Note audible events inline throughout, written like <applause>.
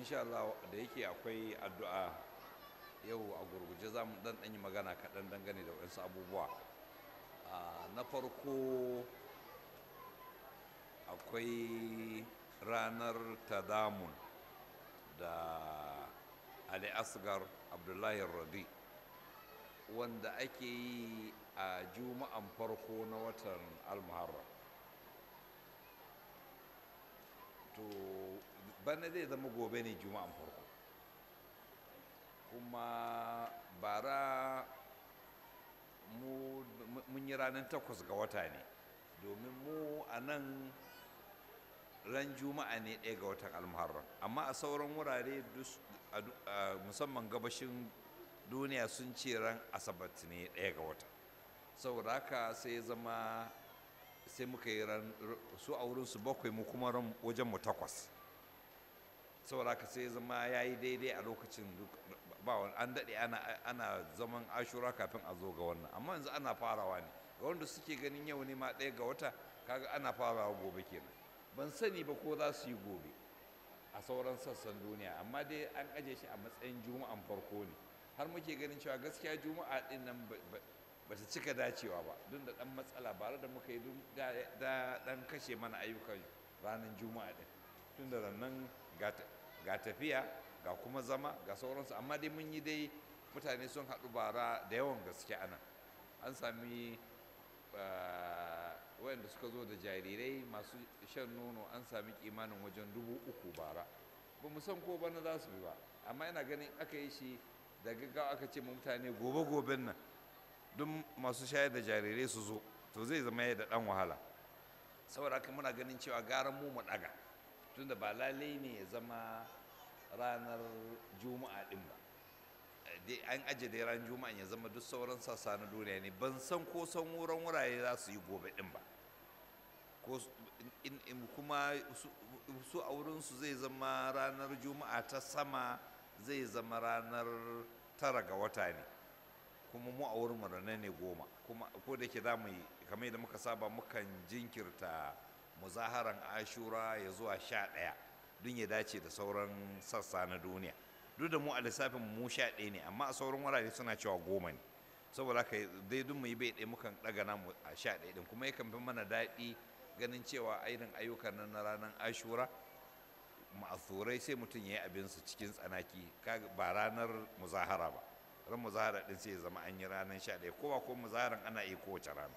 insha Allah da yake akwai addu'a yau a gurguje za mu dan yi magana kaɗan dangane da wasu abubuwa na farko akwai ranar tadamun da ali asgar abdullahi radi wanda ake yi a juma'an farko na watan al to bana zai zama gobe ne juma'an farko kuma bara mun yi ranar takwas ga wata ne domin mu a nan ran juma'a ne ɗaya ga watan almuharram amma a sauran wurare musamman gabashin duniya sun ce ran asabat ne ɗaya ga wata saboda haka sai zama sai muka yi ran su a wurinsu bakwai mu kuma ran wajen mu takwas saboda ka sai zama ya yi daidai a lokacin ba wani an daɗe ana zaman ashura kafin a zo ga wannan amma yanzu ana farawa ne ga wanda suke ganin yau ne ma ɗaya ga wata kaga ana farawa gobe kenan ban sani ba ko za su yi gobe a sauran sassan duniya amma dai an aje shi a matsayin juma'an farko ne har muke ganin cewa gaskiya juma'a ɗin nan ba ta cika dacewa ba don da ɗan matsala ba da muka yi da kashe mana ayyukan ranar juma'a ɗin tun da nan ga tafiya ga kuma zama ga sauransu amma dai mun yi dai mutane sun haɗu bara da yawan gaske ana an sami eh, wayanda suka zo da jarirai masu shan nono an sami kimanin wajen dubu uku bara ba mu san ko bana za su bi ba amma ina ganin aka yi shi da gaggawa aka ce ma mutane gobe-goben nan don masu shayar da jarirai su zo to zai zama ya da ɗan wahala saboda haka muna ganin cewa gara mu mu daga. tunda ba lalai ne ya zama ranar juma'a din ba an aje da ran juma'a ya zama duk sauran sassa na duniya ne ban san ko san wuran wurare za su yi gobe din ba ko kuma su a wurinsu zai zama ranar juma'a ta sama zai zama ranar tara ga wata ne kuma mu a wurin ne goma kuma ko da ke za yi kamar yadda muka saba mukan jinkirta muzaharan ashura ya zuwa sha ɗaya don ya dace da sauran sassa na duniya duk da mu a lissafin mu sha ɗaya ne amma a sauran wurare suna cewa goma ne saboda haka dai duk mu yi bai ɗaya mukan ɗaga namu a sha ɗaya ɗin kuma yakan fi mana daɗi ganin cewa irin ayyukan nan na ranar ashura ma'asurai sai mutum ya yi abin su cikin tsanaki ba ranar muzahara ba ran muzahara ɗin sai ya zama an yi ranar sha ɗaya kowa ko muzaharan ana yi kowace rana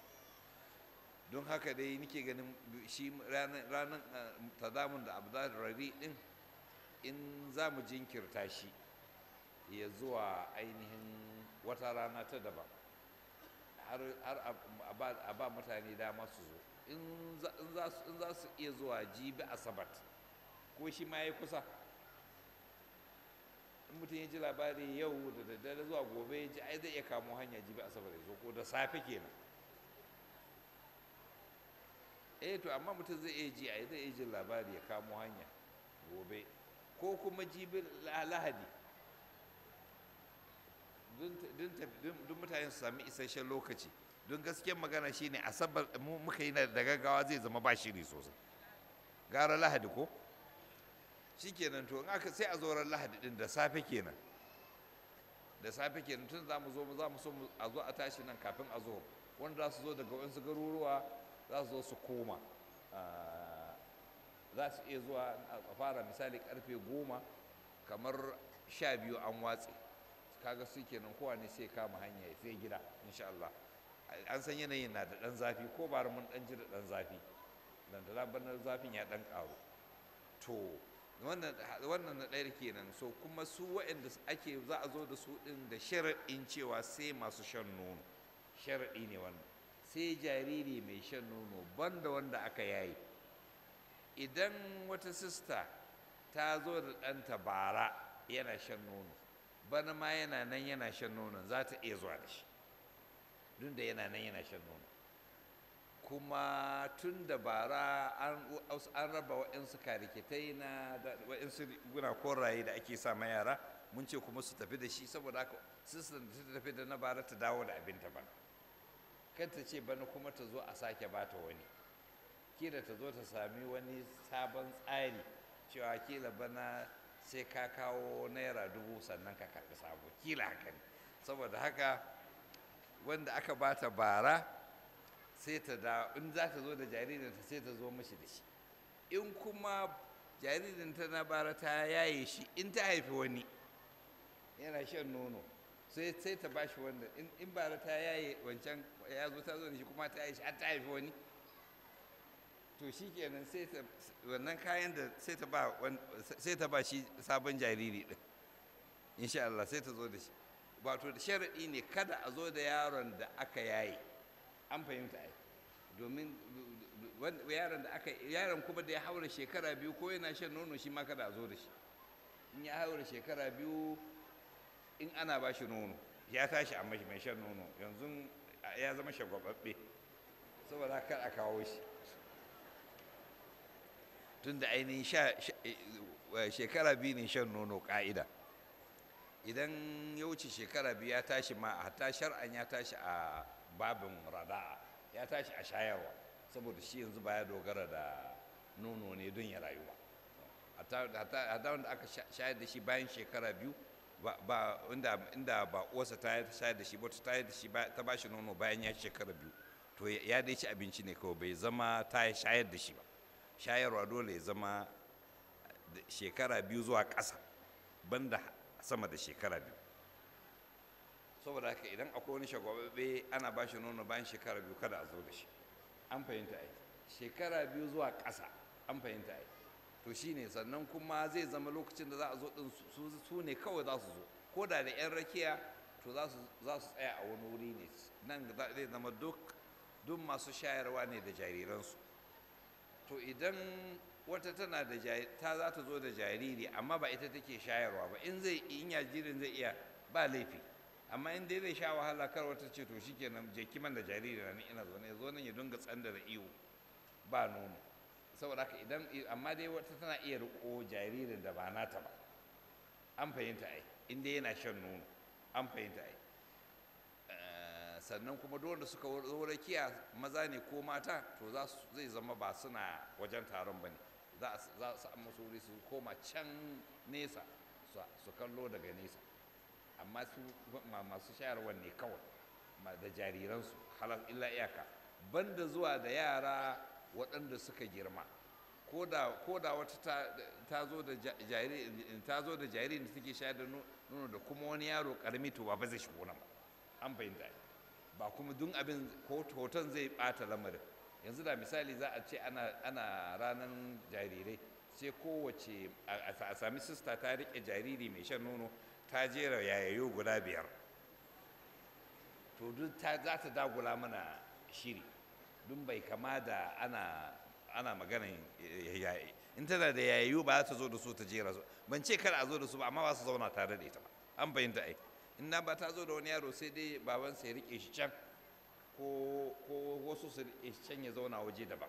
don haka dai nike ganin shi ranar eh, tazamun da abdar rari din in za mu jinkirta shi ya zuwa ainihin wata rana ta daban har a ba mutane dama su zo in za su iya zuwa jibi asabat ko shi ma ya kusa in mutum ya ji labari yau da daddare zuwa gobe ya ji ai zai iya kamo hanya jibi asabar ya zo ko da safe kenan eh to amma mutum zai iya ji a zai iya jin labari ya kamo hanya gobe ko kuma jibin lahadi don mutane su sami isasshen lokaci don gaskiyar magana shine asabar muka yi da gaggawa zai zama ba shiri sosai gara lahadi ko shikenan to aka sai a zoran lahadi din da safe kenan da safe kenan tun za mu zo za mu so a zo a tashi nan kafin a zo wanda za su zo daga wasu garuruwa za su zo su koma ah, za su iya zuwa a fara misali karfe goma kamar sha biyu an watse kaga su kenan kowa ne sai kama hanya ya sai gida insha Allah an san yanayin na da dan zafi ko bari mun dan ji da dan zafi dan da zaban zafin ya dan karo to wannan wannan na ɗaya kenan so kuma su waɗanda ake za a zo da su din da sharaɗin cewa sai masu shan nono sharaɗi ne wannan sai jariri mai shan nono banda wanda aka yayi idan wata sista ta zo da ɗanta bara yana shan nono bana ma yana nan yana shan nono, za ta iya zuwa da shi don da yana nan yana shan nono kuma tun da bara an raba wa'insu karikitai na wa'insu guna koraye da ake sama yara mun ce kuma su tafi da shi saboda haka sistan da ta tafi da na bara ta dawo da abinta ba kar ta ce bana kuma ta zo a sake bata wani kila ta zo ta sami wani sabon tsari cewa kila bana sai ka kawo naira dubu sannan ka karɓi sabo kila haka ne saboda haka wanda aka bata bara sai ta da in za ta zo da jaririnta sai ta zo mashi da shi in kuma jaririnta na bara ta yaye shi in ta haifi wani yana shan nono sai sai ta bashi wannan in bara ta yaye wancan ya zo ta zo da shi kuma ta yi shi har ta haifi wani to shi kenan sai ta wannan kayan da sai ta ba sai ta ba shi sabon jariri din insha Allah sai ta zo da shi wato da sharadi ne kada a zo da yaron da aka yaye an fahimta ai domin yaron da aka yaron kuma da ya haura shekara biyu ko yana shan nono shi ma kada a zo da shi in ya haura shekara biyu in ana ba shi nono ya tashi amma mai shan nono yanzu ya zama shagwababbe saboda kar a kawo shi tun da ainihin eh, eh, shekara biyu ne shan nono ka'ida idan ya wuce shekara biyu ya tashi ma hatta shar'an ya tashi a babin rada'a ya tashi a shayarwa saboda shi yanzu ba ya dogara da nono ne don ya rayu ba ta wanda aka shayar da shi bayan shekara biyu ba inda ba uwarsa ta shayar da shi ba ta da shi ta ba shi nono bayan ya shekara biyu to ya dai ci abinci ne kawai bai zama ta shayar da shi ba shayarwa dole ya zama shekara biyu zuwa ƙasa banda sama da shekara biyu saboda haka idan akwai wani shagwabe ana ba shi nono bayan shekara biyu kada a zo da shi an fahimta ai shekara biyu zuwa ƙasa an fahimta ai to shine sannan kuma zai zama lokacin da za a zo din su ne kawai za su zo ko da da yan rakiya to za su tsaya a wani wuri ne nan zai zama duk duk masu shayarwa ne da jariransu to idan wata tana da ta za ta zo da jariri amma ba ita take shayarwa ba in zai in yajirin zai iya ba laifi amma in dai zai sha wahala kar wata ce to shikenan je kiman da jariri na ina zo ne zo nan ya dinga tsanda da iyo ba nono saboda haka idan amma dai wata tana iya riko jaririn da ba nata ba an fahimta ai inda yana shan nono an fahimta ai eh, sannan kuma duk wanda suka kiya maza ne ko mata to za su zai zama ba suna wajen taron ba ne za su amma wuri su koma can nesa su kallo daga nesa amma su masu shayarwar ne kawai da jariransu halar illa iyaka banda zuwa da yara waɗanda suka girma ko da wata ta zo da jaririn da take sha da nono da kuma wani yaro karami to ba zai shigo nan ba an fahimta ba kuma dun abin hoton zai bata lamarin yanzu da misali za a ce ana ranar jarirai sai kowace a sami sista ta rike jariri mai shan nono ta jera yayayo guda biyar to duk za ta dagula mana shiri dun bai kama da ana ana maganan yayi in tana da yayu ba za ta zo da su ta jera su ban ce kar a zo da su ba amma ba su zauna tare da ita ba an fahimta ai in na ba ta zo da wani yaro sai dai baban ya rike shi can ko ko wasu su rike shi can ya zauna waje daban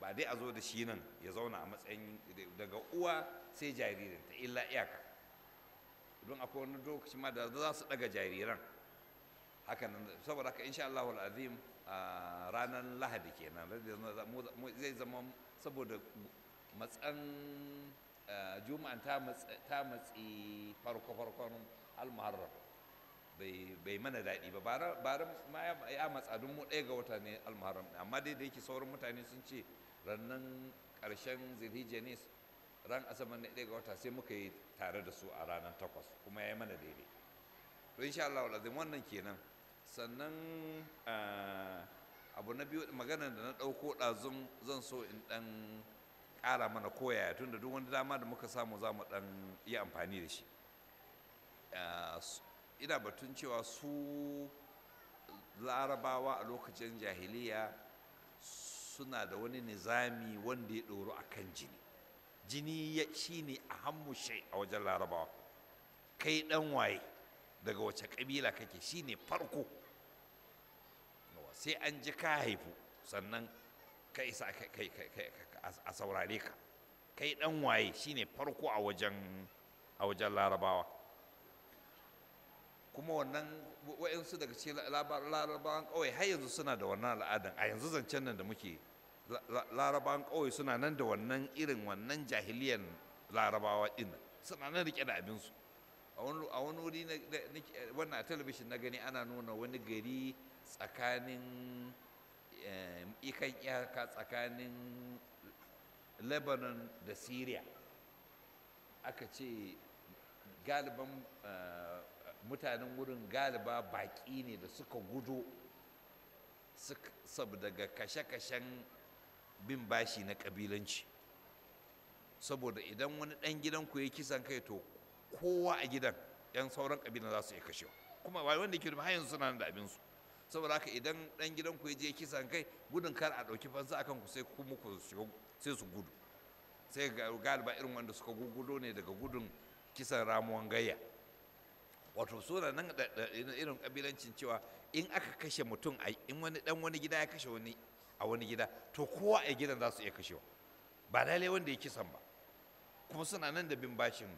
ba dai a zo da shi nan ya zauna a matsayin daga uwa sai jaririn ta illa iyaka don akwai wani lokaci ma da za su daga jariran haka nan saboda haka insha Allahu al-azim ranar lahadi kenan zai zama saboda matsan eh, juma'an ta matsi farko-farkon almuharram bai mana daɗi ba bara ma ya matsa don mu ɗaya ga wata ne almuharram amma dai da yake sauran mutane sun ce rannan ƙarshen zilhijja ne ran asabar na ɗaya ga wata sai muka yi tare da su a ranar takwas kuma ya yi mana daidai to insha Allah wannan kenan sannan eh, abu na biyu maganar da na ɗauko ɗazun zan so in ɗan ƙara mana koyaya tun da duk wani dama da muka samu za mu ɗan yi amfani da shi eh, ina batun cewa su larabawa a lokacin jahiliya suna da wani nizami wanda ya ɗoro a kan jini jini shi ne a shai a wajen larabawa kai ɗan waye daga wace ƙabila kake shi ne farko sai an ji ka haifu sannan ka isa a saurare ka kai dan waye shine farko a wajen a wajen larabawa kuma wannan su daga ce larabawan kawai har yanzu suna da wannan al'adan a yanzu zancen nan da muke larabawan kawai suna nan da wannan irin wannan jahiliyan larabawa din suna nan rike da abinsu a wani wuri wannan a talabishin na gani ana nuna wani gari tsakanin ikan iyaka tsakanin lebanon da syria aka ce galiban eh, mutanen wurin galiba baƙi ne da suka gudu saboda daga kashe-kashen bin bashi na ƙabilanci saboda idan wani ɗan ku ya kisan kai to kowa a gidan 'yan sauran kabilan za su iya kashewa kuma wani wanda ke har yanzu suna da abinsu saboda haka idan dan gidan ku je kisan kai gudun kar a dauki fansa akan ku sai ku muku sai su gudu sai ga galiba irin wanda suka gugudo ne daga gudun kisan ramuwan gayya wato suna nan irin kabilancin cewa in aka kashe mutum in wani dan wani gida ya kashe wani a wani gida to kowa a gidan za su iya kashewa ba lalai wanda ya kisan ba kuma suna nan da bin bashin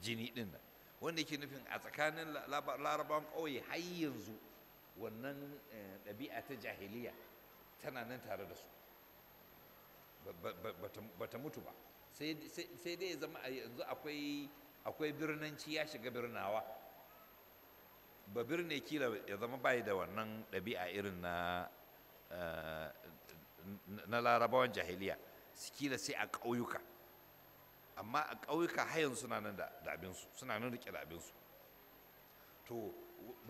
jini din nan wanda yake nufin a tsakanin larabawan kawai har yanzu wannan eh, ɗabi'a ta jahiliya tana nan tare da su ba ta mutu ba sai dai zama a yanzu akwai birnanci ya shiga birnawa ba birne kila ya zama bayi da wannan ɗabi'a irin na eh, na larabawan jahiliya kila sai a ƙauyuka amma a ƙauyuka hayan suna nan da abinsu suna nan riƙe da abinsu to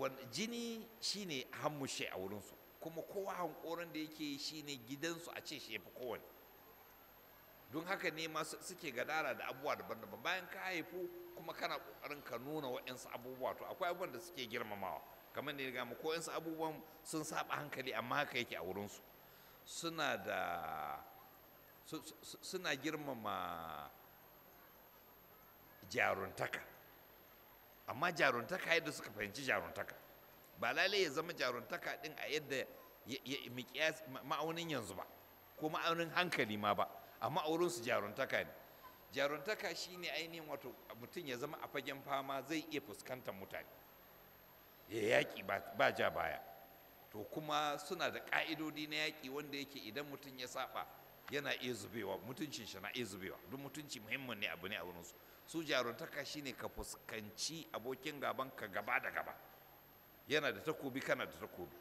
jini shine shi a wurinsu kuma kowa hankoron da yake shine gidansu a ce shi yafi kowane don haka ne ma suke gadara da abubuwa daban-daban bayan ka haifu kuma kana kokarin ka nuna wa'yansu abubuwa to akwai abubuwan da suke girmamawa kamar da ya mu ko yansu abubuwan sun saba hankali amma haka yake a wurinsu suna da suna girmama jaruntaka amma jaruntaka yadda suka fahimci jaruntaka ba lalai ya zama jaruntaka din a yadda ma'aunin yanzu ba ko ma'aunin hankali ma ba amma su jaruntaka ne jaruntaka shi ne ainihin wato mutum ya zama a fagen fama zai iya fuskantar mutane ya yaƙi ba ja baya to kuma suna da ƙa'idodi na yaƙi wanda yake idan mutum ya saba yana iya zubewa mutuncin shi na iya zubewa duk mutunci muhimmin ne abu ne a wurinsu su jaruntaka shine ka fuskanci abokin gaban ka gaba da gaba yana da takobi kana da takobi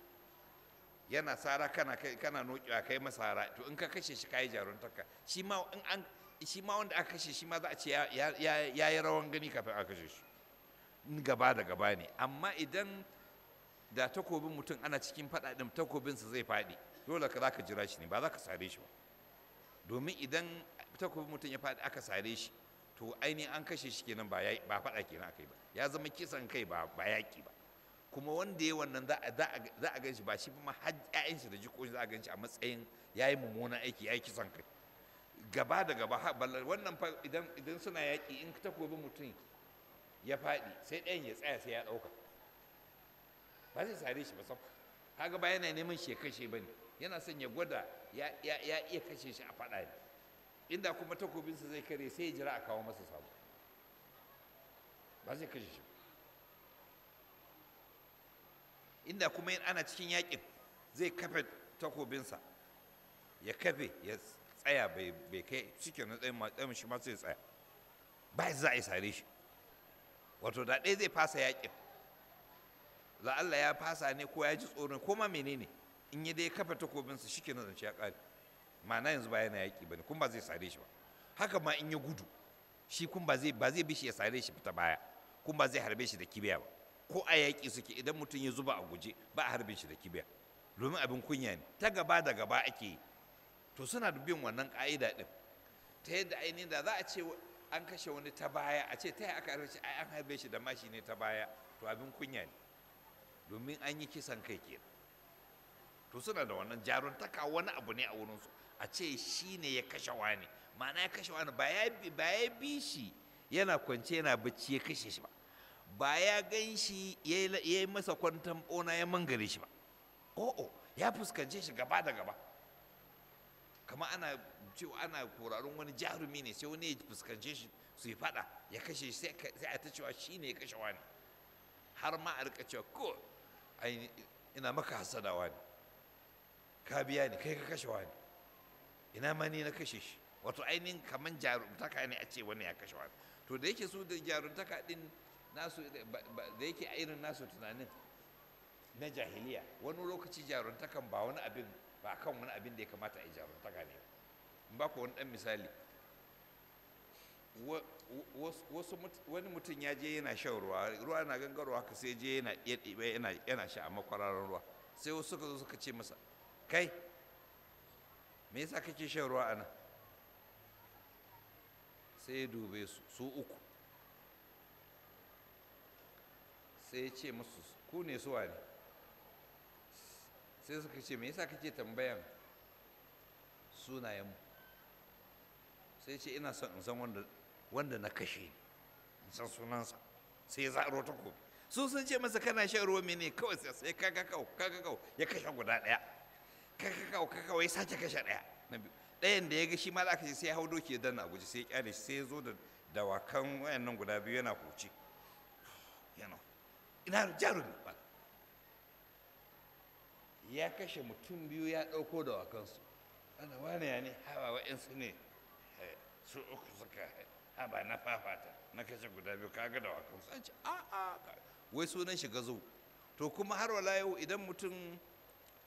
yana sara kana kana a kai masara to in ka kashe shi kai jaruntaka shi ma in an shi ma wanda aka kashe shi ma za a ce ya yi rawan gani kafin aka kashe shi in gaba da gaba ne amma idan da takobin mutum ana cikin faɗa takobin takobinsa zai faɗi dole ka za ka jira shi ne ba za ka sare shi ba domin idan takobin mutum ya faɗi aka sare shi to aini an kashe shi kenan ba ya ba faɗa kenan akai ba ya zama kisan kai ba ba yaƙi ba kuma wanda ya wannan za a za a ganshi ba shi ma har ƴaƴan shi da jikoki za a ganshi a matsayin yayi mummunan aiki yayi kisan kai gaba da gaba wannan fa idan idan suna yaƙi in takobi mutum ya faɗi sai ɗayan ya tsaya sai ya ɗauka ba zai sare shi ba sam kaga ba yana neman shi ya kashe bane yana son ya gwada ya iya kashe shi a faɗa ne inda kuma takobinsa zai kare sai ya jira a kawo masa sabo ba zai kashe shi inda kuma in ana cikin yakin zai kafe takobinsa ya kafe ya tsaya bai kai cikin na tsayin shi ma masu ya tsaya ba za a yi sare shi wato da ɗaya zai fasa yakin la'alla ya fasa ne ko ya ji tsoron ko ma menene in ya dai kafa takobinsa shi ke nan zance ya ƙare ma'ana yanzu ba yana yaƙi bane kun ba zai sare shi ba haka ma in ya gudu shi kun ba zai ba zai bi shi ya sare shi ta baya kun ba zai harbe shi da kibiya ba ko a yaƙi suke idan mutum ya zuba a guje ba a harbe shi da kibiya domin abin kunya ne ta gaba da gaba ake yi to suna da bin wannan ƙa'ida ɗin ta yadda ainihin da za a ce an kashe wani ta baya a ce ta yi aka harbe shi ai an harbe shi da mashi ne ta baya to abin kunya ne domin an yi kisan kai kenan to suna da wannan jarun taka wani abu ne a wurinsu a ce shi ne ya kashe wani ma'ana ya kashe wani ba ya bi shi yana kwance yana bacci ya kashe shi ba ba ya gan shi ya yi masa kwantan ɓona ya mangare shi ba o'o ya fuskance shi gaba da gaba kama ana cewa ana korarin wani jarumi ne sai wani ya fuskance shi su yi faɗa ya kashe shi sai a ta cewa shi ne ya kashe wani har ma a rika cewa ko ina maka hasadawa ne ka biya ne kai ka kashe wani ina ma ni na kashe shi wato ainihin kamar jaruntaka ne a ce wani ya kashe wani to da yake su da jaruntaka din nasu da yake a irin nasu tunanin na jahiliya wani lokaci jaruntakan ba wani abin ba kan wani abin da ya kamata a yi jaruntaka ne ba ku wani dan misali wani mutum ya je yana shan ruwa ruwa na gangarwa haka sai je yana yana sha a makwararan ruwa sai wasu suka zo suka ce masa kai me yasa kake shan ruwa anan sai ya dube su su uku sai ya ce musu ku ne suwa ne sai suka ce me yasa kake tambayan sunayenmu sai ce ina son in san wanda na kashe in san sunansa sai ya zaro takobi su sun ce masa kana shan ruwa mene kawai sai kaga kawo kaga kawo ya kashe guda ɗaya kakakau kakakau ya sace kashe ɗaya ɗayan da ya ga shi ma za ka ce sai ya hau doki ya danna guji sai ya kyale shi sai ya zo da dawakan wayannan guda biyu yana huce yana ina jarumi ba ya kashe mutum biyu ya ɗauko dawakansu ana wani ya ne hawa wa'insu ne eh, su uku suka haba na fafata na kashe guda biyu kaga dawakan an ce a'a wai sunan shiga zo to kuma har wala yau idan mutum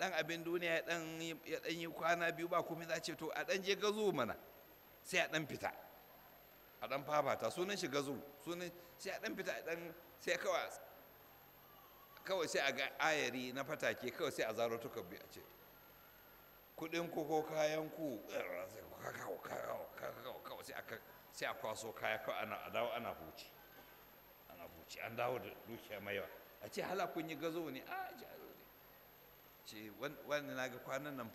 dan abin duniya ya dan ya dan yi kwana biyu ba komai za ce to a dan je gazu mana sai a dan fita a dan fafata sunan shi gazu sunan sai a dan fita dan sai kawai kawai sai a ga ayari na fatake kawai sai a zaro bi a ce kudin ku ko kayan ku kawai sai aka sai a kwaso kaya kawai ana a dawo ana huci ana huci an dawo da dukiya mai yawa a ce hala kun yi gazo ne ah, a ce wani na ga kwanan nan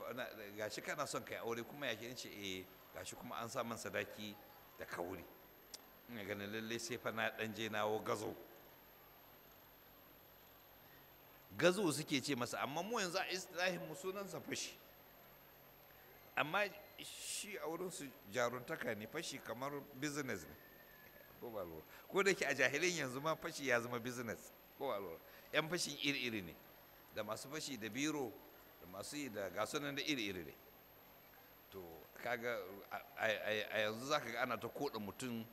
gashi kana son kai aure kuma yake ce eh gashi kuma an samun sadaki da kauri ina ganin lallai sai fa na dan je nawo gazo gazo suke ce masa amma mu yanzu a islahin mu sa fashi amma shi a wurin su jaruntaka ne fashi kamar business ne <laughs> ko ba ko da ke a jahilin yanzu ma fashi ya zama business ko ba yan fashin iri-iri ne da masu fashi da biro da masu yi da gasunan da iri-iri ne to kaga a yanzu za ka ga ana ta koda mutum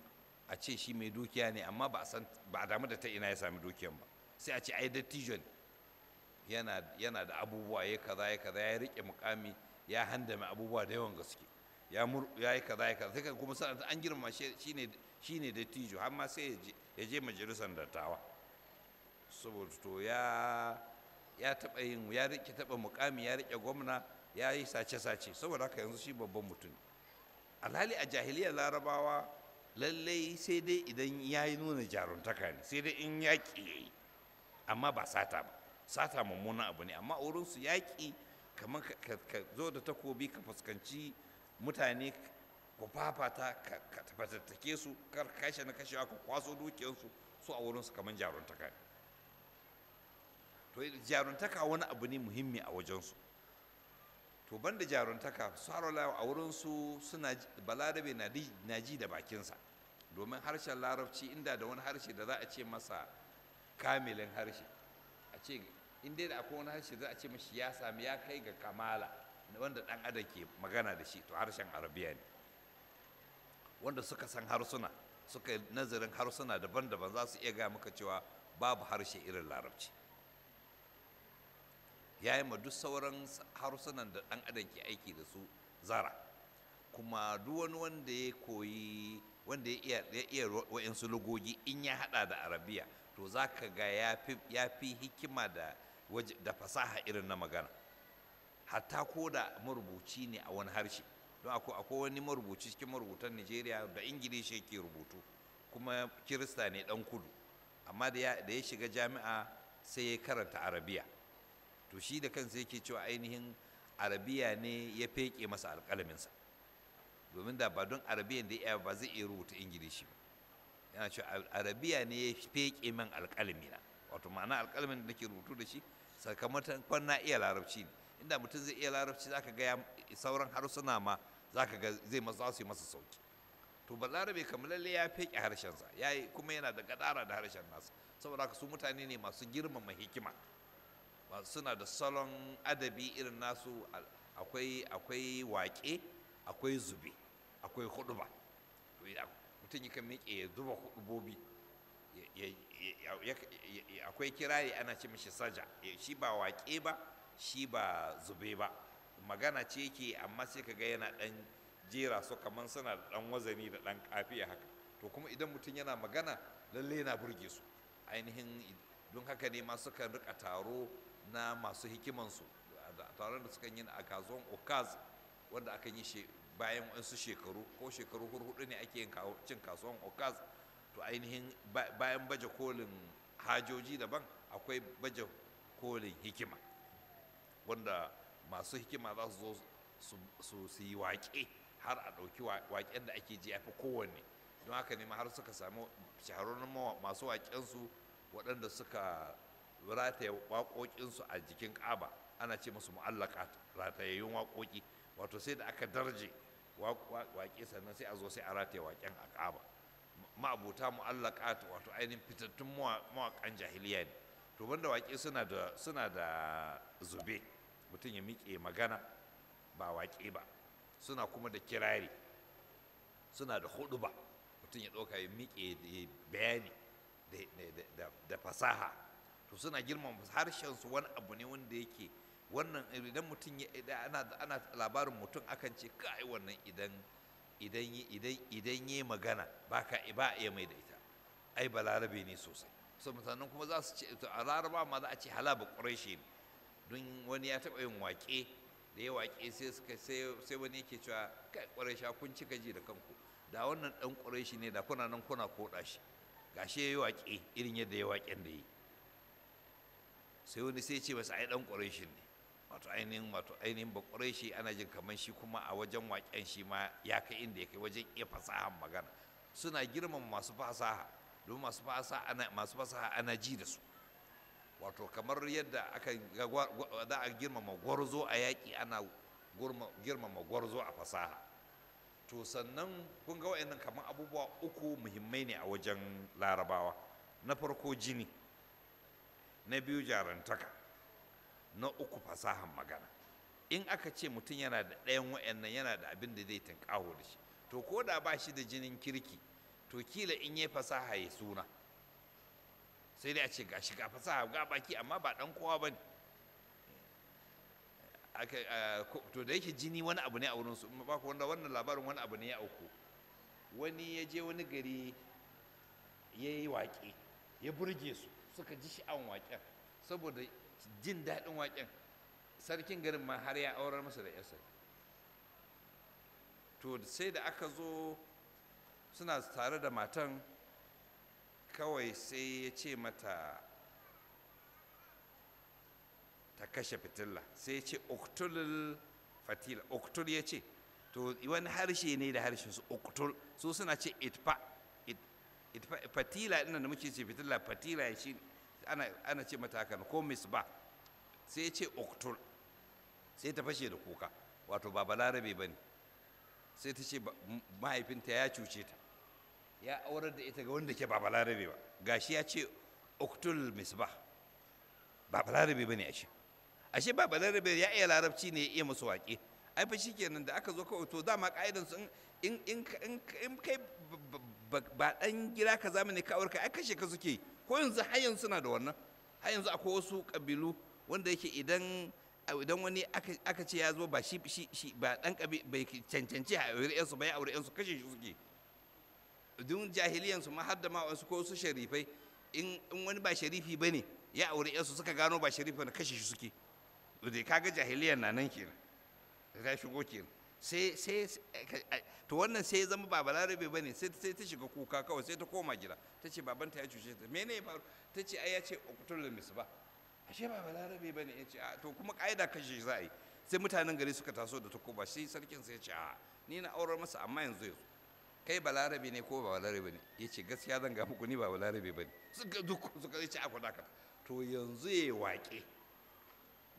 a ce shi mai dukiya ne amma ba a damu da ta ina ya sami dukiyan ba sai a ce ai dattijo ne yana da abubuwa ya kaza ya kaza ya rike mukami ya handame abubuwa da yawan gaske ya yi kaza ya kaza sai kuma sanar an girma shi ne dattijo har ma sai ya je majalisar dattawa saboda to ya ya taɓa yin ya rike taɓa mukami ya rike gwamna ya yi sace-sace saboda haka yanzu shi babban mutum alhali a jahiliyar larabawa lallai sai dai idan ya yi nuna jaruntaka ne sai dai in yaƙi ya amma ba sata ba sata mummunan abu ne amma wurinsu yaƙi kamar ka zo da takobi ka fuskanci mutane ku fafata ka fatattake su kar kashe na kashewa ka kwaso dukiyarsu su a wurinsu kamar jaruntaka ne to jaruntaka wani abu ne muhimmi a wajensu to banda jaruntaka sarala a wurinsu suna balarabe na ji da bakinsa domin harshen larabci inda da wani harshe da za a ce masa kamilin harshe a ce inda da akwai wani harshe za a ce mashi ya sami ya kai ga kamala wanda dan adam ke magana da shi to harshen arabiya ne wanda suka san harsuna suka nazarin harsuna daban-daban za su iya ga maka cewa babu harshe irin larabci ya yi ma duk sauran harsunan da ɗan adam ke aiki da su zara kuma duk wani wanda ya koyi wanda ya iya wa'insu lugogi in ya haɗa da arabiya to za ka ga ya fi hikima da fasaha irin na magana hatta ko da marubuci ne a wani harshe don akwai wani marubuci cikin marubutan nigeria da ingilishi yake rubutu kuma kirista ne ɗan kudu amma da ya shiga jami'a sai ya karanta arabiya to shi da kansa yake cewa ainihin arabiya ne ya feke masa alƙalaminsa domin da ba don arabiyan da ya ba zai iya rubuta ingilishi ba yana cewa arabiya ne ya feke min alƙalamina wato ma'ana alƙalamin da nake rubutu da shi sakamakon na iya larabci ne inda mutum zai iya larabci zaka ga sauran harsuna ma zaka ga zai za su yi masa sauki to larabe kamar lalle ya feke harshensa ya kuma yana da gadara da harshen nasa saboda haka su mutane ne masu girmama hikima suna da salon adabi irin nasu akwai akwai waƙe akwai zube akwai huduba mutum kan miƙe ya zuba hudubobi akwai kirari ana ce mishi saja shi ba waƙe ba shi ba zube ba magana ce yake amma sai ka ga yana ɗan jera su kamar suna da ɗan wazani da ɗan kafiya haka to kuma idan mutum yana magana lallai yana burge su ainihin don haka ne ma sukan rika taro na masu hikimansu taron da suka yi a kasuwan okaz wanda aka yi shi bayan wasu shekaru ko shekaru hurhudu ne ake cin kasuwan okaz to ainihin bayan baje kolin hajoji daban akwai baje kolin hikima wanda masu hikima za su zo su yi waƙe har a ɗauki waƙen da ake ji fi kowanne don haka ne ma har suka samu shahararrun masu waƙensu waɗanda suka rataya waƙoƙinsu a jikin ƙaba ana ce musu mu'allaka ratayayyun waƙoƙi wato sai da aka darje waƙe sannan sai a zo sai a rataye waƙen a ƙaba ma'abuta mu'allaka wato ainihin fitattun mawaƙan jahiliya ne to banda waƙe suna da suna da zube mutum ya miƙe magana ba waƙe ba suna kuma da kirari suna da hudu ba mutum ya ɗauka ya miƙe bayani da fasaha to suna girmama harshen su wani abu ne wanda yake wannan idan mutum ya ana ana labarin mutum akan ce kai wannan idan idan idan idan yayi magana ka ba a mai da ita ai balarabe ne sosai so mutanen kuma za su ce a laraba ma za a ce halaba ƙurashi ne don wani ya taɓa yin waƙe da ya waƙe sai suka sai wani yake cewa kai ƙurashi kun cika ji da kanku da wannan ɗan ƙurashi ne da kuna nan kuna koɗa shi gashi ya waƙe irin yadda ya waƙen da yi sai wani sai ce masa ai dan ƙureshin ne wato ainihin ba ƙureshi ana jin kamar shi kuma a wajen waƙen shi ma ya kai inda ya kai wajen iya fasahan magana suna girmama masu fasaha don masu fasaha ana ji da su wato kamar yadda aka za a girmama gwarzo a yaƙi ana girmama gwarzo a fasaha to sannan kun ga wa'annan kamar abubuwa uku muhimmai ne a wajen larabawa na farko jini na biyu jarantaka na uku fasahan magana in aka ce mutum yana da ɗayan wa'annan yana da abin da zai tankaho da shi to ko da ba shi da jinin kirki to kila in yi fasaha ya suna sai dai a ce ga shiga ga fasaha ga baki amma ba ɗan kowa ba ne to da yake jini wani abu ne a wurinsu ba ku wanda wannan labarin wani abu ne ya auku wani ya je wani gari ya yi waƙe ya burge su suka ji sha'awan waƙen saboda jin daɗin waƙen sarkin garin ma har ya aurar masa da yasa to sai da aka zo suna tare da matan kawai sai ya ce mata ta kashe fitila sai ya ce oktul fatila oktul ya ce to wani harshe ne da harshen su oktul su suna ce itfa fatila ɗin da muke ce fitila fatila shi ana ce mata haka ko misba sai ya ce oktul sai ta fashe da kuka wato ba balarabe ba ne sai ta ce mahaifinta ya cuce ta ya aurar da ita ga wanda ke ba balarabe ba gashi ya ce oktul misba ba balarabe ba ne ashe ashe ba balarabe ya iya larabci ne ya iya musu waƙe ai fa shikenan da aka zo kawai to dama ka'idansu in in in kai ba ɗan gida ka ne ka aurka ai kashe ka suke ko yanzu har yanzu suna da wannan har yanzu akwai wasu ƙabilu wanda yake idan idan wani aka ce ya zo ba shi shi ba ɗan ƙabi bai cancanci a aure yansu ba ya aure yansu kashe shi suke dun jahiliyansu ma har da ma wasu ko wasu sharifai in wani ba sharifi ba ne ya aure yansu suka gano ba sharifi ne kashe shi suke da kaga jahiliyan na nan kenan ta shigo kenan sai sai eh, eh, to wannan sai ya zama ba larabe bane sai sai ta shiga kuka kawai sai ta koma gida ta ce babanta ya cuce ta mene ya faru ta ce ai ya ce da misba ashe ba larabe bane ya ce to kuma kaida kashe za a yi sai mutanen gari suka taso da takoba shi sarkin sai ya ce a ni na aurar masa amma yanzu yanzu kai balarabe ne ko ba larabe ne ya ce gaskiya zan ga muku ni ba larabe bane suka duk suka ce a ka to yanzu ya wake.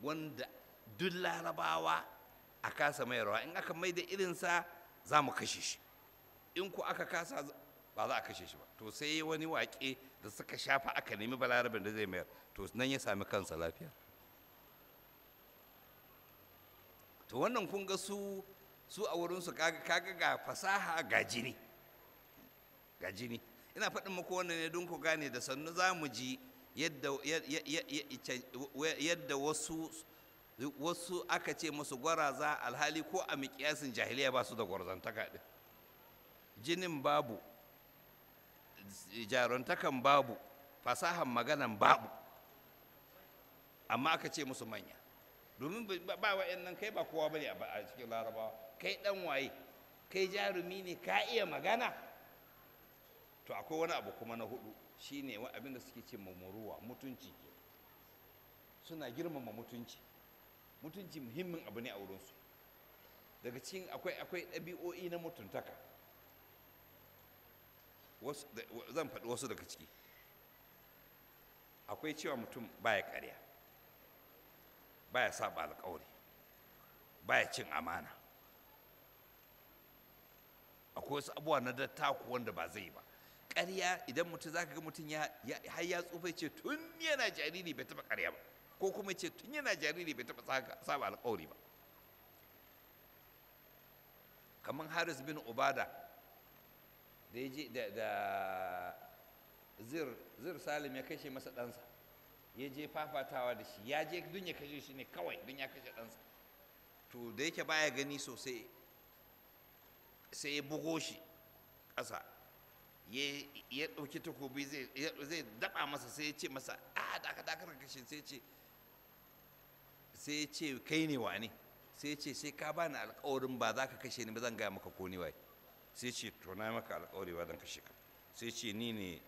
wanda duk larabawa a kasa mayarwa in aka mai da irinsa za mu kashe shi in ku aka kasa ba za a kashe shi ba to sai wani wake da suka shafa aka nemi balarabin da zai mayar to nan ya sami kansa lafiya to wannan kun ga su su a wurinsu kaga ga fasaha ga jini ga jini ina faɗin muku wannan ne don ku gane da sannu za mu ji yadda wasu wasu aka ce musu gwaraza alhali ko a miƙiyasin jahiliya ba su da gwarzantaka ɗin jinin babu jaruntakan babu fasahan maganan babu amma aka ce musu manya domin ba wa'yan nan kai ba kowa bane a cikin larabawa kai ɗan waye kai jarumi ne ka iya magana to akwai wani abu kuma na hudu shine abinda suke ce mamuruwa mutunci suna girmama mutunci mutunci muhimmin abu ne a wurinsu daga cikin akwai akwai ɗabi'o'i na mutuntaka zan faɗi wasu daga ciki akwai cewa mutum baya ƙarya baya saba alƙawari baya cin amana akwai wasu abuwa na dattaku wanda ba zai ba ƙarya idan mutum za ka ga mutum ya har ya tsufa ce tun yana jariri bai taɓa ƙarya ba ko kuma ce tun yana jariri bai taɓa saba alƙawari ba kamar haris bin Obada da ya je da zir salim ya kashe masa ɗansa ya je fafatawa da shi ya je dun ya kashe shi ne kawai dun ya kashe ɗansa to da yake baya gani sosai sai ya bugo shi ƙasa ya ɗauki takobi zai daɓa masa sai ya ce masa a da aka dakar kashe sai ce sai ya ce kai ne wane sai ya ce sai ka bani alƙawarin ba za ka kashe ni ba zan gaya maka ko ni waye sai ce to na maka alƙawari ba zan kashe ka sai ce ni ne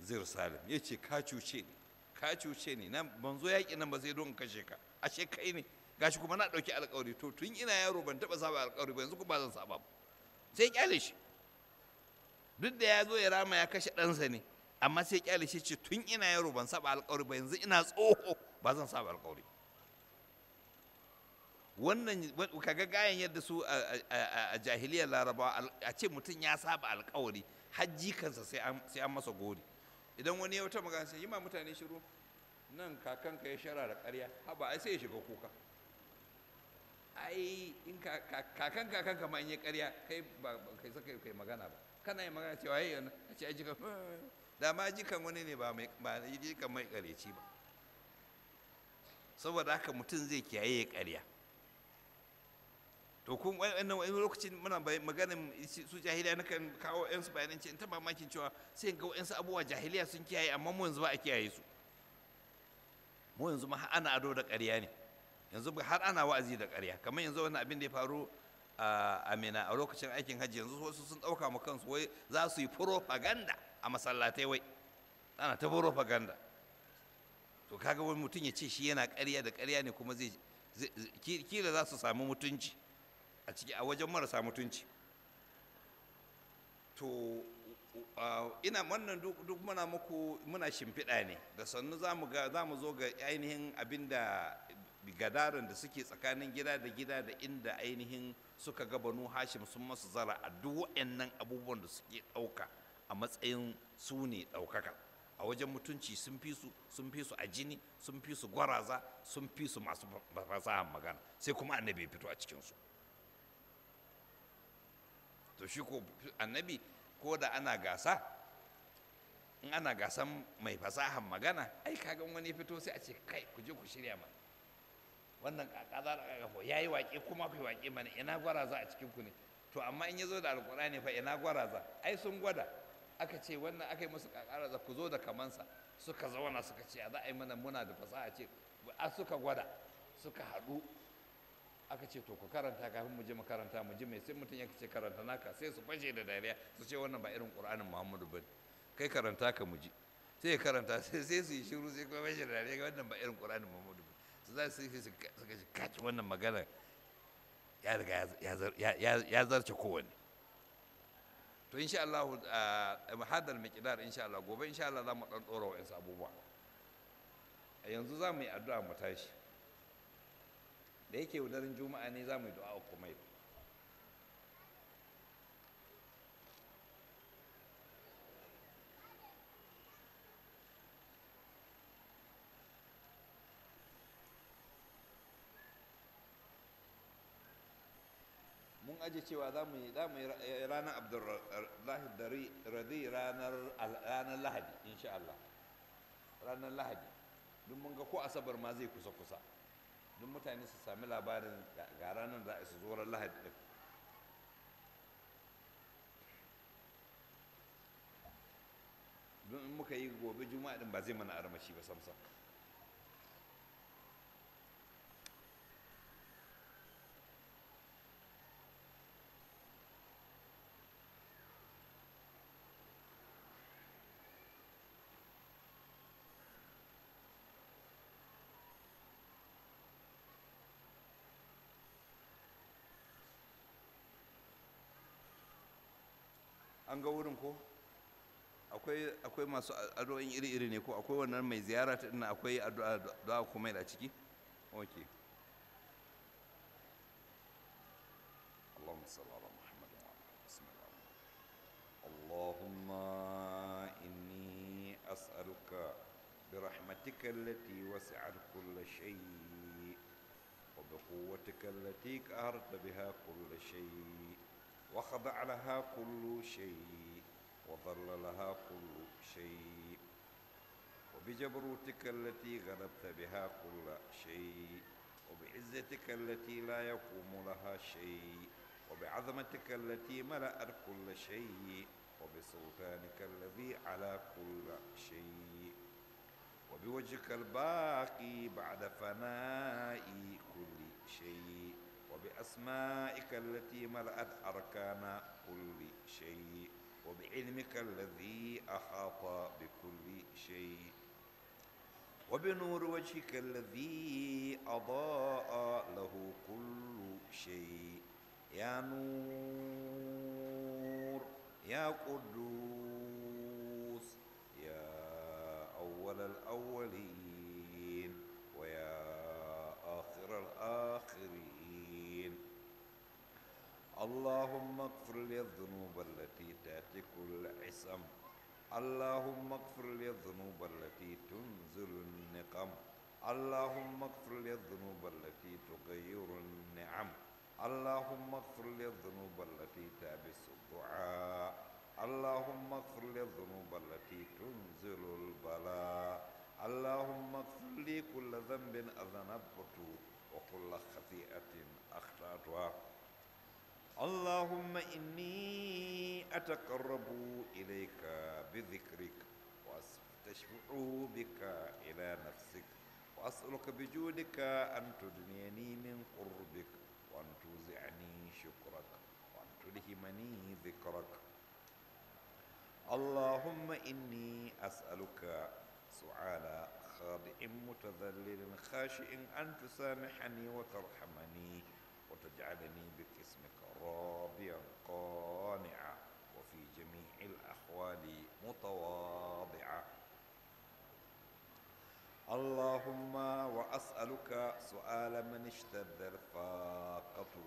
zir salim ya ce ka cuce ni ka cuce ni nan ban zo yaƙi nan ba sai don kashe ka ashe kai ne gashi kuma na ɗauki alƙawari to tun ina yaro ban taɓa saba alƙawari ba yanzu kuma ba zan saba ba sai kyale shi duk da ya zo ya rama ya kashe ɗansa ne amma sai kyale shi ce tun ina yaro ban saba alƙawari ba yanzu ina tsoho ba zan saba alƙawari wannan kaga gayan yadda su a jahiliyar larabawa a ce mutum ya saba alƙawari hajji kansa sai an masa gori idan wani ya wata magana sai yi ma mutane shiru nan kakanka ya shara da ƙarya haba ai sai ya shiga kuka ai in kakan kakan ma in yi ƙarya kai ba kai saka kai magana ba kana yi magana cewa yayi yana a ce ajikan da ma jikan wani ne ba mai ba jikan mai kareci ba saboda haka mutum zai kiyaye ya karya to kun wannan wani lokacin muna maganin su jahiliya na kan kawo yan su bayanan ce ta mamakin cewa sai ga yan su abubuwa jahiliya sun kiyaye amma mu yanzu ba a kiyaye su mu yanzu ma ana ado da karya ne yanzu har ana wa'azi da karya kamar yanzu wannan abin da ya faru a mina a lokacin aikin hajji yanzu wasu sun ɗauka ma kansu wai za su yi propaganda a masallatai wai ana ta propaganda to kaga wani mutum ya ce shi yana ƙarya da ƙarya ne kuma zai kila za su samu mutunci a ciki a wajen marasa mutunci to ina wannan duk muna muku muna shimfiɗa ne da sannu za mu zo ga ainihin abin da gadaran da suke tsakanin gida da gida da inda ainihin suka ga banu hashim sun masu zara a duk wayannan abubuwan da suke ɗauka a matsayin su ne ɗaukaka a wajen mutunci sun fi su sun fi su a jini sun fi su gwaraza sun fi su masu fasahan magana sai kuma annabi ya fito a cikinsu to shi ko annabi ko da ana gasa in ana gasan mai fasahan magana ai kagan wani fito sai a ce kai ku je ku shirya mana wannan kaka za a gafo ya yi waƙe kuma ku waƙe mana ina gwaraza a cikin ku ne to amma in ya zo da alƙur'ani fa ina gwaraza ai sun gwada aka ce wannan aka yi musu kakaraza ku zo da kamansa suka zauna suka ce a za a yi mana muna da fasaha ce a suka gwada suka haɗu aka ce to ku karanta kafin mu je makaranta mu ji mai sai mutum ya ce karanta naka sai su fashe da dariya su ce wannan ba irin ƙur'anin muhammadu bane kai karanta ka mu ji sai ya karanta sai sai su yi shiru sai kuma fashe da dariya wannan ba irin ƙur'anin muhammadu za su yi suka ce kaci wannan magana ya riga ya zarce kowane to insha Allah mahadar miqdar insha Allah gobe insha Allah za mu ɗan ɗora wa wa'in abubuwa a yanzu za mu yi addu'a mu tashi da yake wudarin juma'a ne za mu yi du'a kuma yau aje cewa za mu yi eh, ranar abdullahi radi ranar lahadi insha Allah ranar lahadi don mun ga ko asabar ma zai kusa kusa don mutane su sami labarin ga ranar da su zuwa ran lahadi ɗin don muka yi gobe juma'a ɗin ba zai mana armashi ba samsam an ga wurin ko akwai masu addu'o'in iri-iri ne ko akwai wannan mai ziyara ta ina akwai addu'a da kuma a ciki okay اللهم صل على محمد وعلى بسم الله اللهم إني أسألك برحمتك التي وسعت كل شيء وبقوتك التي قهرت بها كل شيء وخضع لها كل شيء وظل لها كل شيء وبجبروتك التي غلبت بها كل شيء وبعزتك التي لا يقوم لها شيء وبعظمتك التي ملأت كل شيء وبسلطانك الذي على كل شيء وبوجهك الباقي بعد فناء كل شيء وبأسمائك التي ملأت أركان كل شيء وبعلمك الذي أحاط بكل شيء وبنور وجهك الذي أضاء له كل شيء يا نور يا قدوس يا أول الأولين ويا آخر الآخرين اللهم اغفر لي الذنوب التي تاتي العصم اللهم اغفر لي الذنوب التي تنزل النقم اللهم اغفر لي الذنوب التي تغير النعم اللهم اغفر لي الذنوب التي تابس الدعاء اللهم اغفر لي الذنوب التي تنزل البلاء اللهم اغفر لي كل ذنب أذنبته وكل خطيئة أخطأتها اللهم إني أتقرب إليك بذكرك وأستشفعه بك إلى نفسك وأسألك بجودك أن تدنيني من قربك وأن توزعني شكرك وأن تلهمني ذكرك اللهم إني أسألك سعال خاضع متذلل خاشئ أن تسامحني وترحمني وتجعلني باسمك راضيا قانعا وفي جميع الأحوال متواضعا اللهم وأسألك سؤال من اشتد رفاقته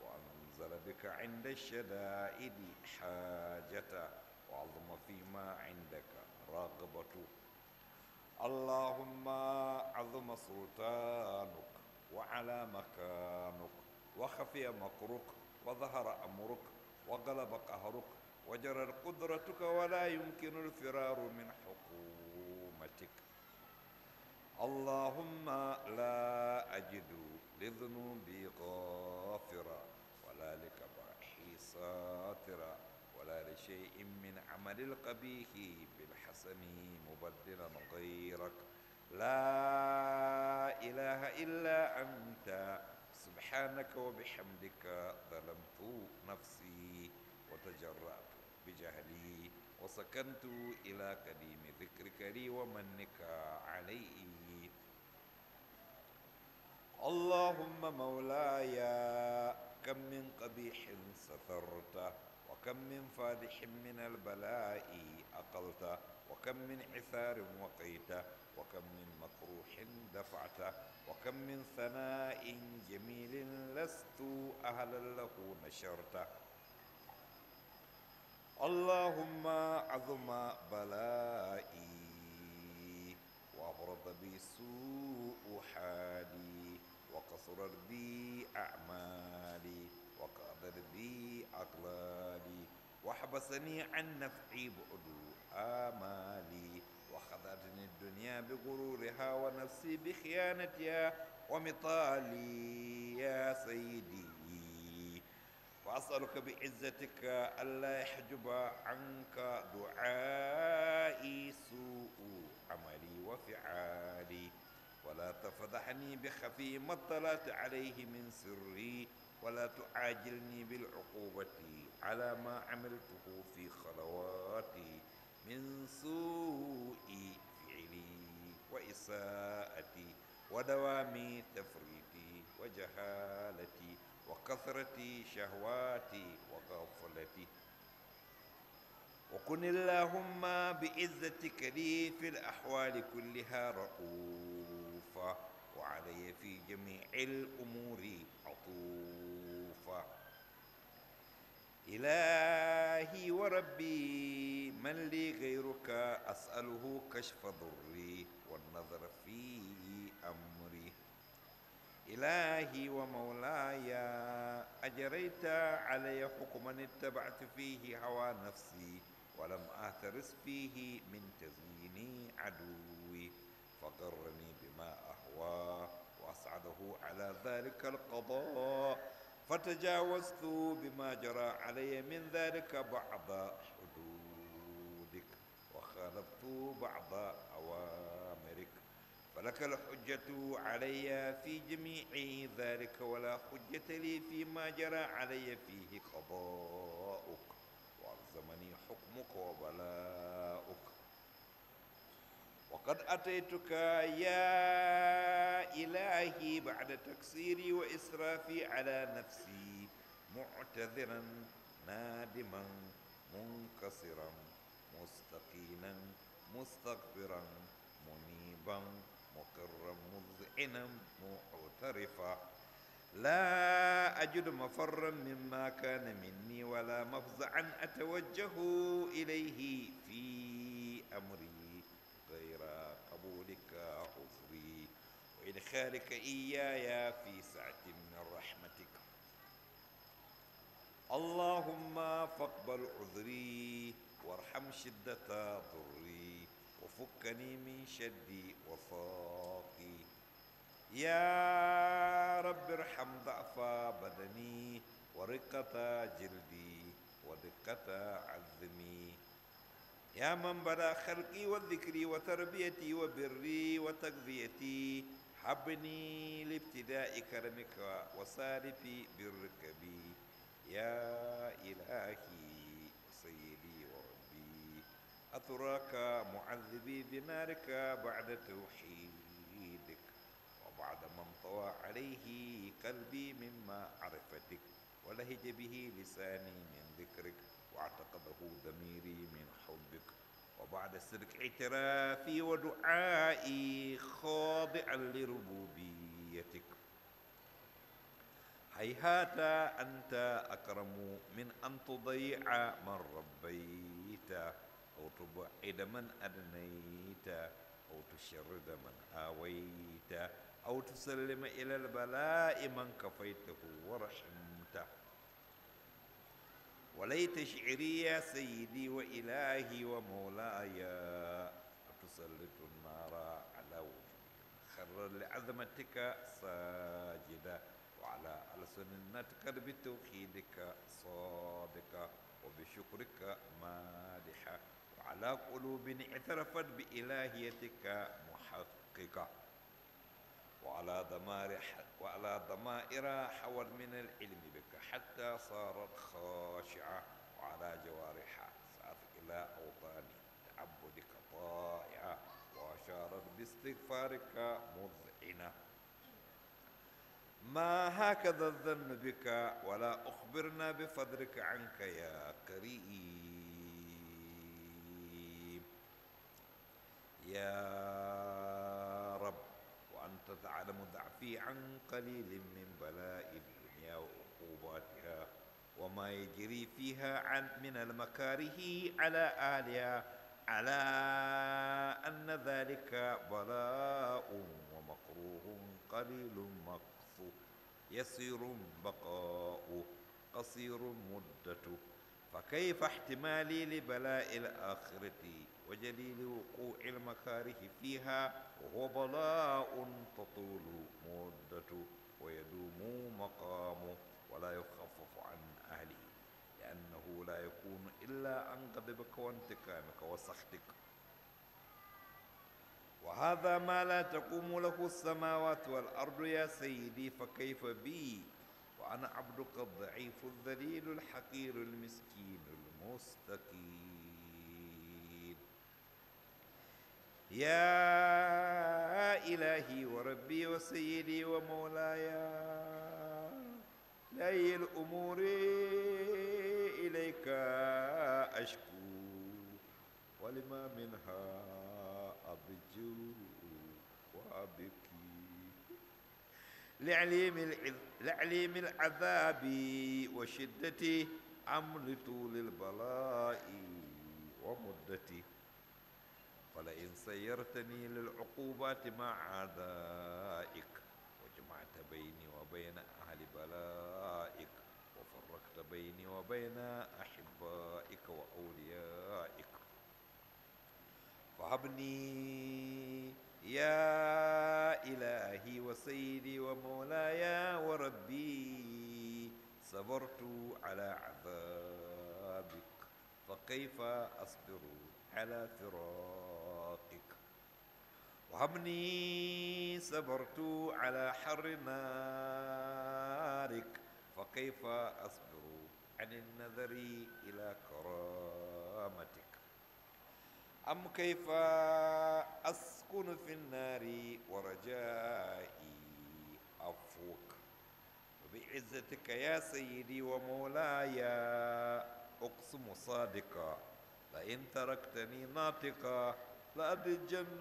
وأنزل بك عند الشدائد حاجته وعظم فيما عندك رغبته اللهم عظم سلطانك وعلى مكانك وخفي مكرك وظهر أمرك وغلب قهرك وجرت قدرتك ولا يمكن الفرار من حكومتك اللهم لا أجد لذنوبي غافرا ولا لكباحي ساترا ولا لشيء من عمل القبيح بالحسن مبدلا غيرك لا إله إلا أنت سبحانك وبحمدك ظلمت نفسي وتجرأت بجهلي وسكنت إلى قديم ذكرك لي ومنك علي اللهم مولاي كم من قبيح سترته وكم من فادح من البلاء أقلته وكم من عثار وقيته وكم من مكروح دفعته وكم من ثناء جميل لست أهلا له نشرته اللهم عظم بلائي وأبرد بي سوء حالي وقصرت بي أعمالي وقادر بي أقلالي وحبسني عن نفعي بعد آمالي واخذتني الدنيا بغرورها ونفسي بخيانتها ومطالي يا سيدي فاسالك بعزتك ألا يحجب عنك دعائي سوء عملي وفعالي ولا تفضحني بخفي ما اطلعت عليه من سري ولا تعاجلني بالعقوبة على ما عملته في خلواتي من سوء فعلي وإساءتي ودوام تفريطي وجهالتي وكثرة شهواتي وغفلتي وكن اللهم بعزتك لي في الأحوال كلها رؤوفا وعلي في جميع الأمور عطوفا إلهي وربي من لي غيرك أسأله كشف ضري والنظر في أمري إلهي ومولاي أجريت علي حكما اتبعت فيه هوى نفسي ولم أهترس فيه من تزيين عدوي فغرني بما أهواه وأسعده على ذلك القضاء فتجاوزت بما جرى علي من ذلك بعض حدودك وخالفت بعض أوامرك فلك الحجة علي في جميع ذلك ولا حجة لي فيما جرى علي فيه قضاؤك وألزمني حكمك وبلاؤك وقد أتيتك يا إلهي بعد تكسيري وإسرافي على نفسي معتذرا نادما منكسرا مستقينا مستغفرا منيبا مقرا مذعنا معترفا لا أجد مفرا مما كان مني ولا مفزعا أتوجه إليه في أمري بك عذري وإدخالك إياي في سعة من رحمتك اللهم فاقبل عذري وارحم شدة ضري وفكني من شدي وفاقي يا رب ارحم ضعف بدني ورقة جلدي ودقة عظمي يا منبر خلقي وذكري وتربيتي وبري وتقضيتي حبني لابتداء كرمك وصارفي برك بي يا إلهي سيدي وربي أتراك معذبي بنارك بعد توحيدك وبعد من طوى عليه قلبي مما عرفتك ولهج به لساني من ذكرك واعتقده ضميري من حبك وبعد سرك اعترافي ودعائي خاضعا لربوبيتك هيهات أنت أكرم من أن تضيع من ربيت أو تبعد من أدنيت أو تشرد من آويت أو تسلم إلى البلاء من كفيته ورحمه وليت شعري يا سيدي وإلهي ومولاي أتسلط النار على خر لعظمتك ساجدة وعلى ألسن نتكر بتوحيدك صادقة وبشكرك مادحة وعلى قلوب اعترفت بإلهيتك محققة وعلى ضمائر وعلى ضمائر حول من العلم بك حتى صارت خاشعة وعلى جوارحها سعت إلى أوطان تعبدك طائعة وأشارت باستغفارك مذعنة ما هكذا الظن بك ولا أخبرنا بفضلك عنك يا كريم يا تتعلم ضعفي عن قليل من بلاء الدنيا وعقوباتها وما يجري فيها عن من المكاره على آلها على أن ذلك بلاء ومكروه قليل مقص يسير بقاؤه قصير مدته فكيف احتمالي لبلاء الآخرة وجليل وقوع المكاره فيها وهو بلاء تطول مدته ويدوم مقامه ولا يخفف عن أهله لأنه لا يكون إلا عن غضبك وانتقامك وسخطك وهذا ما لا تقوم له السماوات والأرض يا سيدي فكيف بي وأنا عبدك الضعيف الذليل الحقير المسكين المستقيم يا إلهي وربي وسيدي ومولاي لي الأمور إليك أشكو ولما منها أرجو وأبكي لعليم العذاب وشدتي أم لطول البلاء ومدتي فلئن سيرتني للعقوبات مع عذائك وجمعت بيني وبين أهل بلائك وفرقت بيني وبين أحبائك وأوليائك فهبني يا إلهي وسيدي ومولاي وربي صبرت على عذابك فكيف أصبر على فراقك وهمني صبرت على حر نارك فكيف أصبر عن النذر إلى كرامتك أم كيف أسكن في النار ورجائي أفوك وبعزتك يا سيدي ومولاي أقسم صادقا لئن تركتني ناطقا لأدجن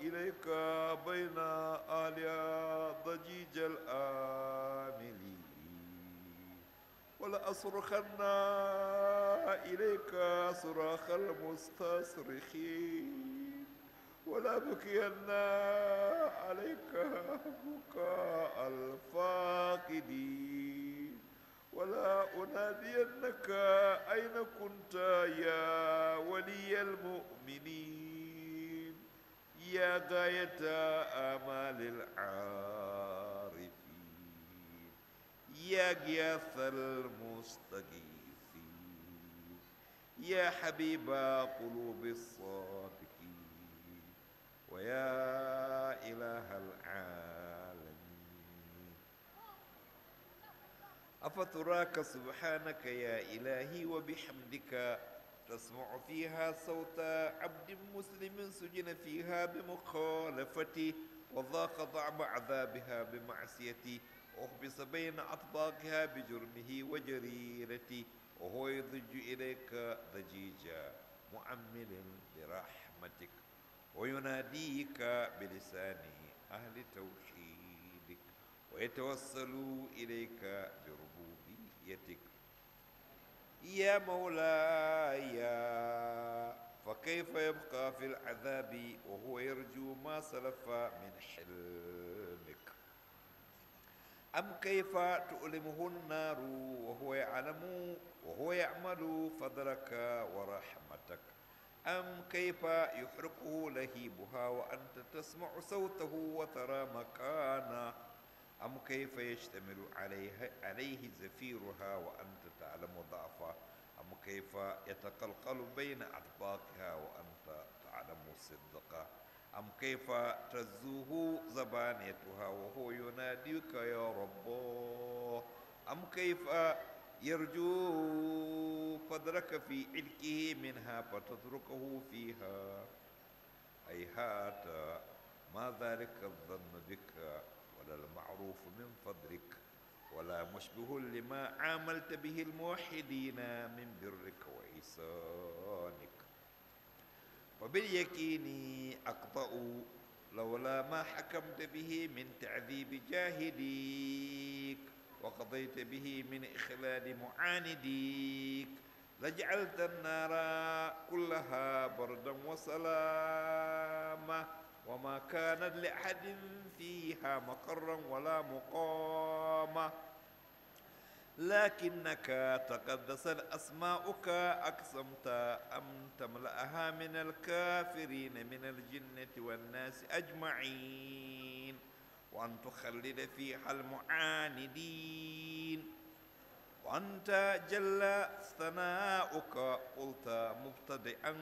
إليك بين آلي ضجيج الآملين ولأصرخن إليك صراخ المستصرخين ولأبكين عليك بكاء الفاقدين ولا أنادينك أين كنت يا ولي المؤمنين يا غاية آمال العالم يا غياث المستغيثين يا حبيب قلوب الصادقين ويا إله العالمين أفتراك سبحانك يا إلهي وبحمدك تسمع فيها صوت عبد مسلم سجن فيها بمخالفته وضاق ضعب عذابها بمعصيته أخبص بين أطباقها بجرمه وجريرته وهو يضج إليك ضجيجا مؤمل برحمتك ويناديك بلسانه أهل توحيدك ويتوسل إليك بربوبيتك يا مولاي فكيف يبقى في العذاب وهو يرجو ما سلف من حلمك أم كيف تؤلمه النار وهو يعلم وهو يعمل فضلك ورحمتك أم كيف يحرقه لهيبها وأنت تسمع صوته وترى مكانه أم كيف يشتمل عليه, عليه زفيرها وأنت تعلم ضعفه أم كيف يتقلقل بين أطباقها وأنت تعلم صدقه أم كيف تزوه زبانيتها وهو يناديك يا رب أم كيف يرجو قدرك في علكه منها فتتركه فيها أي هات ما ذلك الظن بك ولا المعروف من فضلك ولا مشبه لما عاملت به الموحدين من برك وإحسانك وباليقين أقبأ لولا ما حكمت به من تعذيب جاهديك وقضيت به من إخلال معانديك لجعلت النار كلها بردا وسلاما وما كانت لأحد فيها مقرا ولا مقاما لكنك تقدست أسماؤك أقسمت أم تملأها من الكافرين من الجنة والناس أجمعين وأن تخلد فيها المعاندين وأنت جل ثناؤك قلت مبتدئا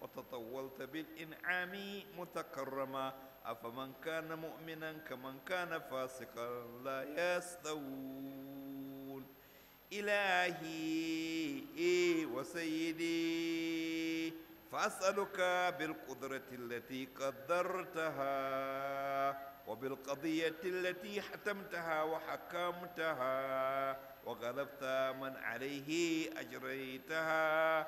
وتطولت بالإنعام متكرما أفمن كان مؤمنا كمن كان فاسقا لا يستوون إلهي وسيدي فأسألك بالقدرة التي قدرتها وبالقضية التي حتمتها وحكمتها وغلبت من عليه أجريتها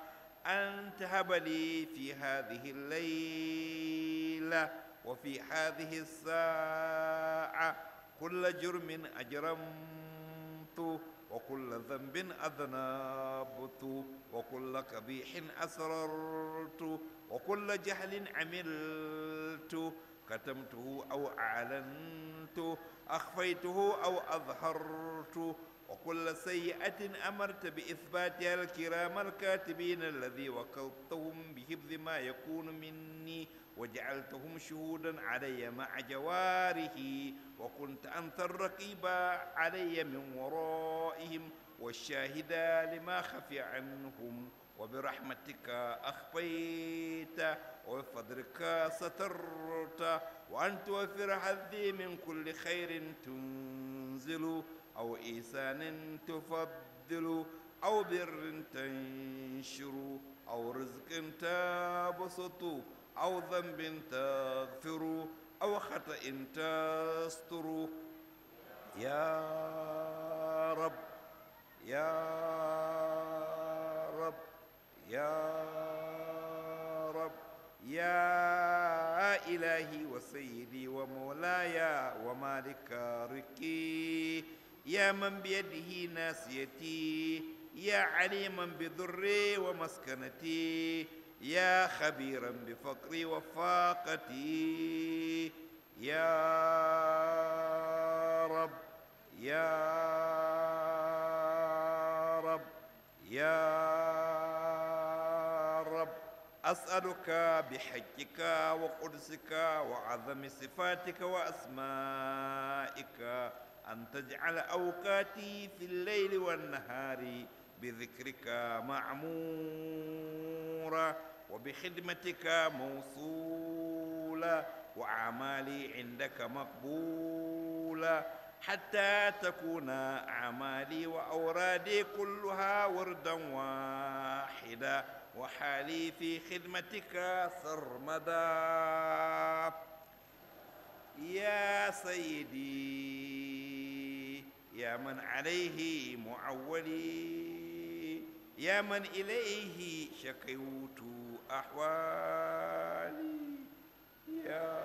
أن تهب لي في هذه الليلة وفي هذه الساعة كل جرم أجرمته وكل ذنب أذنبت وكل قبيح أسررت وكل جهل عملت كتمته أو أعلنت أخفيته أو أظهرت وكل سيئة أمرت بإثباتها الكرام الكاتبين الذي وكلتهم بحفظ ما يكون مني وجعلتهم شهودا علي مع جواره وكنت أنت الرقيب علي من ورائهم والشاهد لما خفي عنهم وبرحمتك أخفيت وبفضلك سترت وأن توفر حظي من كل خير تنزل أو إيسان تفضل أو بر تنشر أو رزق تبسط أو ذنب تغفروا أو خطأ تستروا يا رب يا رب يا رب يا إلهي وسيدي ومولاي ومالك ركي يا من بيده ناسيتي يا عليما بذري ومسكنتي يا خبيرا بفقري وفاقتي يا رب يا رب يا رب أسألك بحجك وقدسك وعظم صفاتك وأسمائك أن تجعل أوقاتي في الليل والنهار بذكرك معمورة وبخدمتك موصولا وأعمالي عندك مقبولا حتى تكون أعمالي وأورادي كلها وردا واحدا وحالي في خدمتك سرمدا يا سيدي يا من عليه معولي يا من إليه شكوت أحوالي يا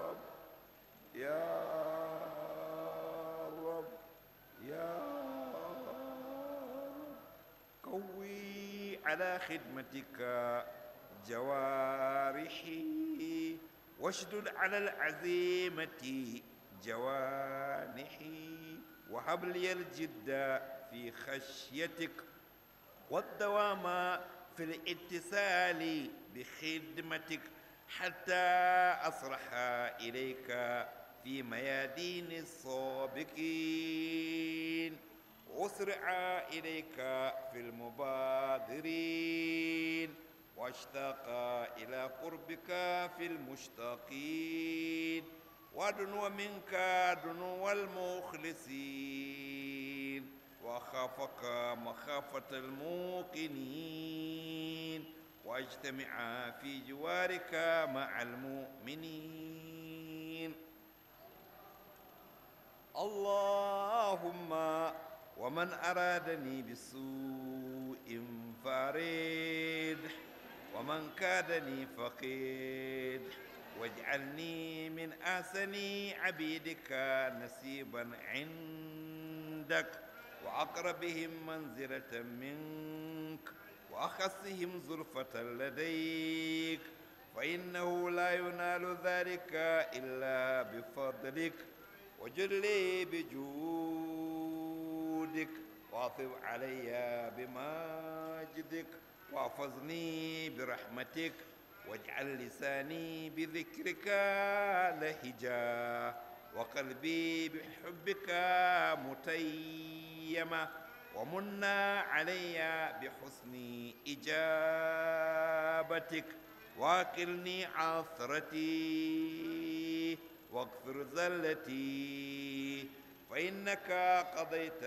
رب يا رب يا رب قوي على خدمتك جوارحي واشدد على العزيمة جوانحي وهب لي الجد في خشيتك والدوام في الاتصال بخدمتك حتى أصرح إليك في ميادين السابقين أسرع إليك في المبادرين واشتاق إلى قربك في المشتاقين ودنو منك دنو المخلصين وأخافك مخافة الموقنين واجتمع في جوارك مع المؤمنين اللهم ومن أرادني بسوء فارد ومن كادني فقيد واجعلني من أحسن عبيدك نسيبا عندك وأقربهم منزلة منك وأخصهم زرفة لديك فإنه لا ينال ذلك إلا بفضلك وجلي بجودك واطب علي بماجدك واحفظني برحمتك واجعل لساني بذكرك لهجا وقلبي بحبك متيما ومن علي بحسن إجابتك واكلني عثرتي واغفر زلتي فإنك قضيت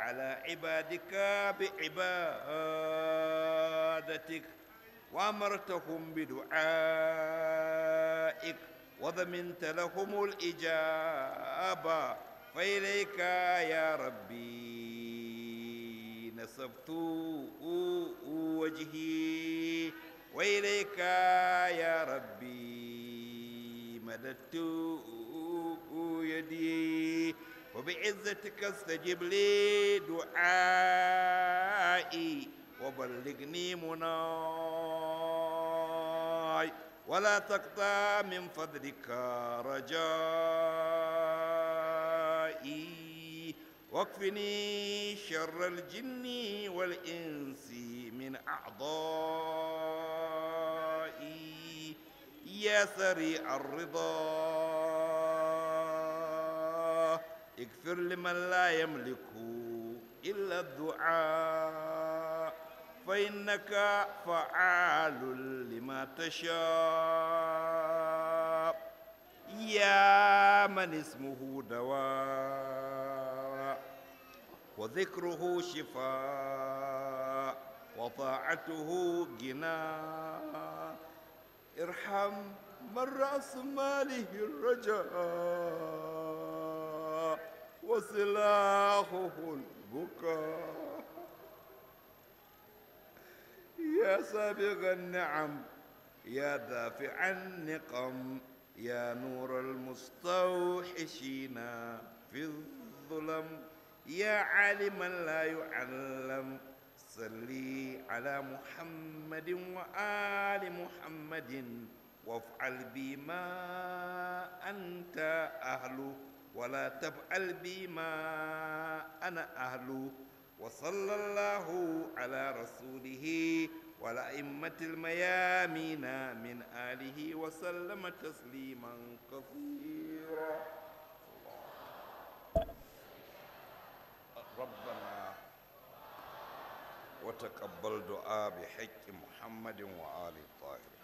على عبادك بعبادتك وأمرتهم بدعائك وضمنت لهم الإجابة فإليك يا ربي نصبت وجهي وإليك يا ربي مددت يدي وبعزتك استجب لي دعائي وبلغني مناي ولا تقطع من فضلك رجائي واكفني شر الجن والإنس من أعضائي يا سريع الرضا اغفر لمن لا يملك إلا الدعاء فإنك فعال لما تشاء يا من اسمه دواء وذكره شفاء وطاعته غناء ارحم من رأس ماله الرجاء وسلاحه البكاء يا سابغ النعم يا دافع النقم يا نور المستوحشين في الظلم يا عالما لا يعلم صلي على محمد وآل محمد وافعل بي ما أنت أهله ولا تفعل بي ما أنا أهله وصلى الله على رسوله إمة الميامين من آله وسلم تسليما كثيرا ربنا وتقبل دعاء بحق محمد وآل الطاهرين